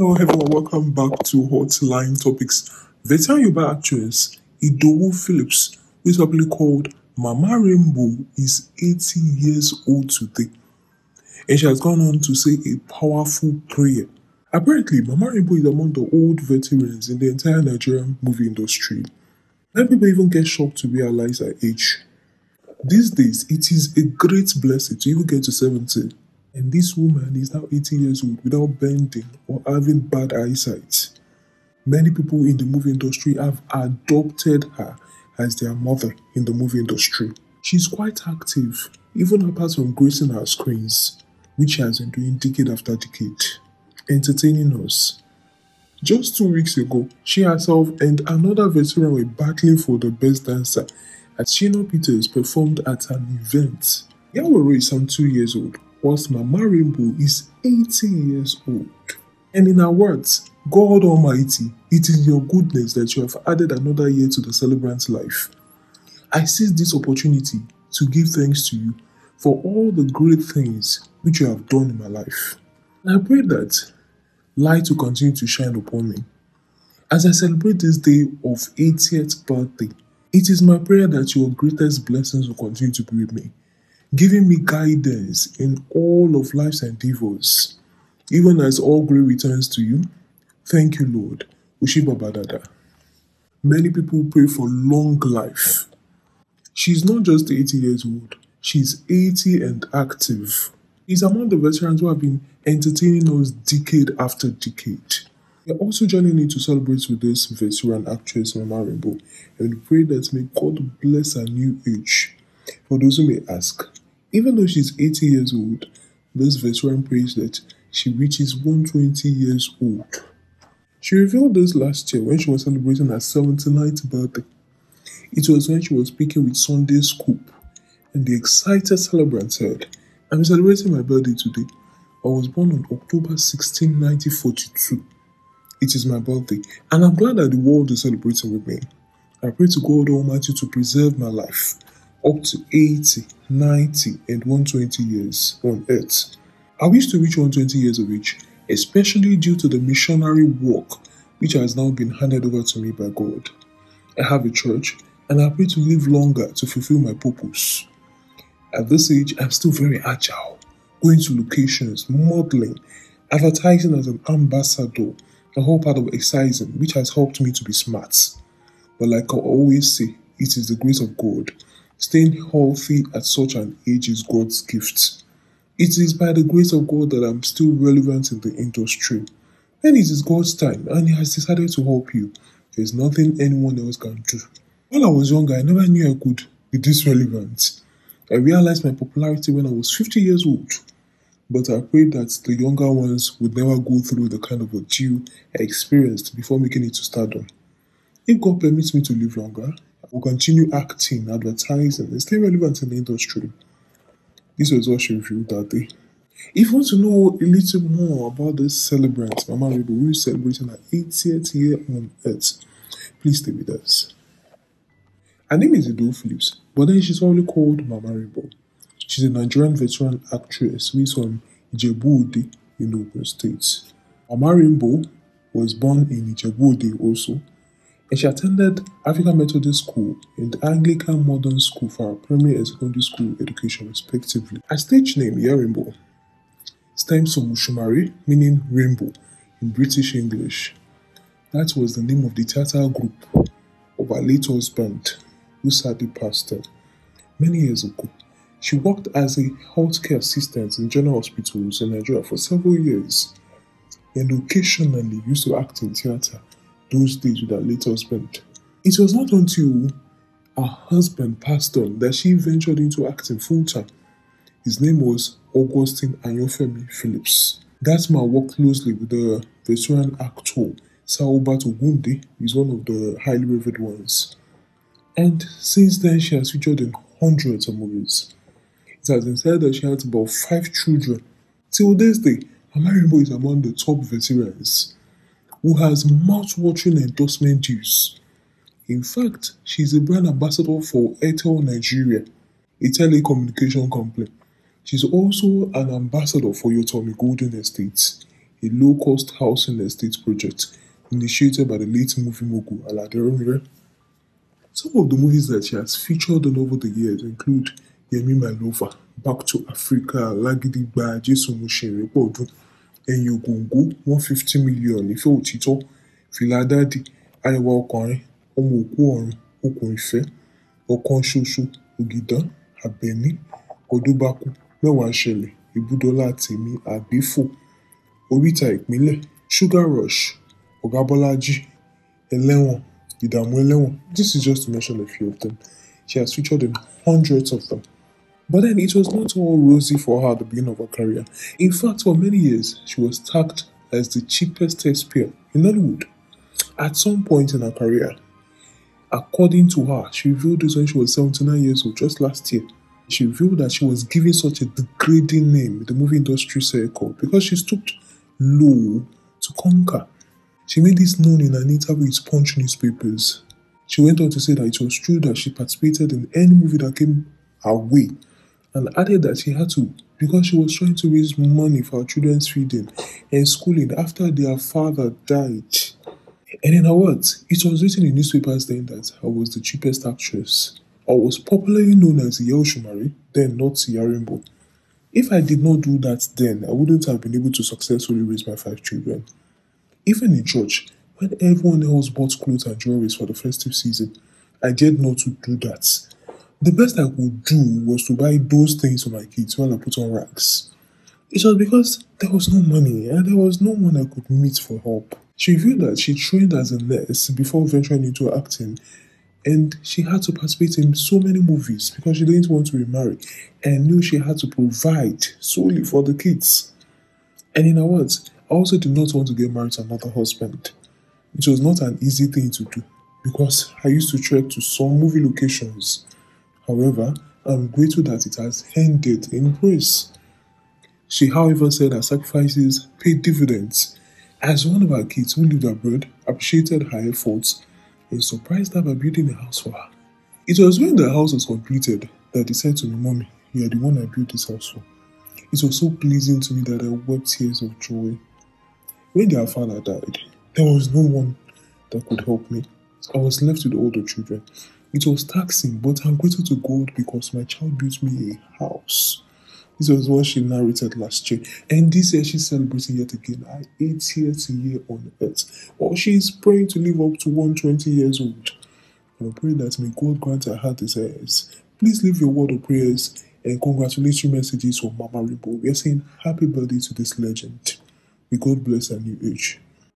Hello everyone, welcome back to Hotline Topics. Veteran Yoruba actress Idowu Phillips, who is popularly called Mama Rainbow, is 80 years old today. And she has gone on to say a powerful prayer. Apparently, Mama Rainbow is among the old veterans in the entire Nigerian movie industry. Many people even get shocked to realize her age. These days, it is a great blessing to even get to 70 and this woman is now 18 years old without bending or having bad eyesight. Many people in the movie industry have adopted her as their mother in the movie industry. She's quite active, even apart from gracing our screens, which she has been doing decade after decade, entertaining us. Just two weeks ago, she herself and another veteran were battling for the best dancer as Shino Peters performed at an event. Yaworo is some two years old, whilst Mama Rainbow is 18 years old. And in our words, God Almighty, it is your goodness that you have added another year to the celebrant's life. I seize this opportunity to give thanks to you for all the great things which you have done in my life. And I pray that light will continue to shine upon me. As I celebrate this day of 80th birthday, it is my prayer that your greatest blessings will continue to be with me giving me guidance in all of life's endeavors, even as all glory returns to you. Thank you, Lord. badada. Many people pray for long life. She's not just 80 years old, she's 80 and active. She's among the veterans who have been entertaining us decade after decade. We're also joining in to celebrate with this veteran actress, Mama Rainbow, and pray that may God bless her new age. For those who may ask, even though she's 80 years old, this veteran prays that she reaches 120 years old. She revealed this last year when she was celebrating her 79th birthday. It was when she was speaking with Sunday Scoop, and the excited celebrant said, I'm celebrating my birthday today. I was born on October 16, 1942. It is my birthday, and I'm glad that the world is celebrating with me. I pray to God Almighty to preserve my life up to 80 90 and 120 years on earth. I wish to reach 120 years of age, especially due to the missionary work which has now been handed over to me by God. I have a church and I pray to live longer to fulfill my purpose. At this age, I'm still very agile, going to locations, modeling, advertising as an ambassador, the whole part of exercising, which has helped me to be smart. But like I always say, it is the grace of God Staying healthy at such an age is God's gift. It is by the grace of God that I'm still relevant in the industry. And it is God's time, and He has decided to help you. There's nothing anyone else can do. When I was younger, I never knew I could be this relevant. I realized my popularity when I was 50 years old, but I prayed that the younger ones would never go through the kind of ordeal I experienced before making it to stardom. If God permits me to live longer, will continue acting, advertising, and stay relevant in the industry. This was what she revealed that day. If you want to know a little more about this celebrant, Mama Rebo, who is celebrating her 80th year on Earth, please stay with us. Her name is Ido Phillips, but then she's only called Mama Rebo. She's a Nigerian veteran actress who is from ijebu in the Open States. Mama Rainbow was born in ijebu also and she attended African Methodist School and the Anglican Modern School for her primary and secondary school education, respectively. Her stage name, Yarimbo, stems from Mushumari, meaning rainbow in British English. That was the name of the theatre group of her late husband, who sadly passed her many years ago. She worked as a healthcare assistant in general hospitals in Nigeria for several years and occasionally used to act in theatre those days with her late husband. It was not until her husband passed on that she ventured into acting full time. His name was Augustine Ayofemi Phillips. That man worked closely with the veteran actor Saobat Ogunde, is one of the highly revered ones. And since then, she has featured in hundreds of movies. It has been said that she has about five children. Till this day, Amaribo is among the top veterans who has mouth-watering endorsement deals. In fact, she is a brand ambassador for Airtel Nigeria, a telecommunication company. She's also an ambassador for Yotomi Golden Estates, a low-cost housing estate project initiated by the late movie mogul Aladeromire. Some of the movies that she has featured on over the years include Yemi Malova, Back to Africa, Lagidi Ba, Jason Mushere, Bodun, ẹ̀yìn ògòǹgò one fifty million ìfẹ́ òtítọ́ fìlà dádì arẹwà ọkùnrin ọmọ òkú ọ̀run okùn ìfẹ́ ọ̀kan ṣoṣo ògìdán àbẹ̀ní ọ̀dọ́bákú mẹ́wàá ṣẹlẹ̀ ìbúdọ́lá tèmi àgbéfò oríta ìpínlẹ̀ sugar rush ọ̀gá bọ́lájí ẹlẹ́wọ̀n ìdààmú ẹlẹ́wọ̀n this is just to mention a few of them she has featured in hundreds of them But then it was not all rosy for her at the beginning of her career. In fact, for many years, she was tagged as the cheapest test player in Hollywood. At some point in her career, according to her, she revealed this when she was 79 years old, just last year. She revealed that she was given such a degrading name in the movie industry circle because she stooped low to conquer. She made this known in an interview with Punch newspapers. She went on to say that it was true that she participated in any movie that came her way and added that she had to because she was trying to raise money for her children's feeding and schooling after their father died. And in her words, it was written in newspapers then that I was the cheapest actress. I was popularly known as Yel Shumari, then not Yarimbo. If I did not do that then, I wouldn't have been able to successfully raise my five children. Even in church, when everyone else bought clothes and jewelries for the festive season, I dared not to do that the best I could do was to buy those things for my kids when I put on racks. It was because there was no money and there was no one I could meet for help. She revealed that she trained as a nurse before venturing into acting and she had to participate in so many movies because she didn't want to be married and knew she had to provide solely for the kids. And in other words, I also did not want to get married to another husband. It was not an easy thing to do because I used to trek to some movie locations However, I'm grateful that it has ended in praise. She, however, said her sacrifices paid dividends, as one of her kids who lived abroad appreciated her efforts and surprised her by building a house for her. It was when the house was completed that he said to me, Mommy, you are the one I built this house for. It was so pleasing to me that I wept tears of joy. When their father died, there was no one that could help me. I was left with older children it was taxing, but I'm grateful to God because my child built me a house. This was what she narrated last year. And this year she's celebrating yet again her 80th year on earth. Or she's praying to live up to 120 years old. And I pray that may God grant her heart desires. Please leave your word of prayers and congratulatory messages for Mama Ribo. We are saying happy birthday to this legend. May God bless her new age.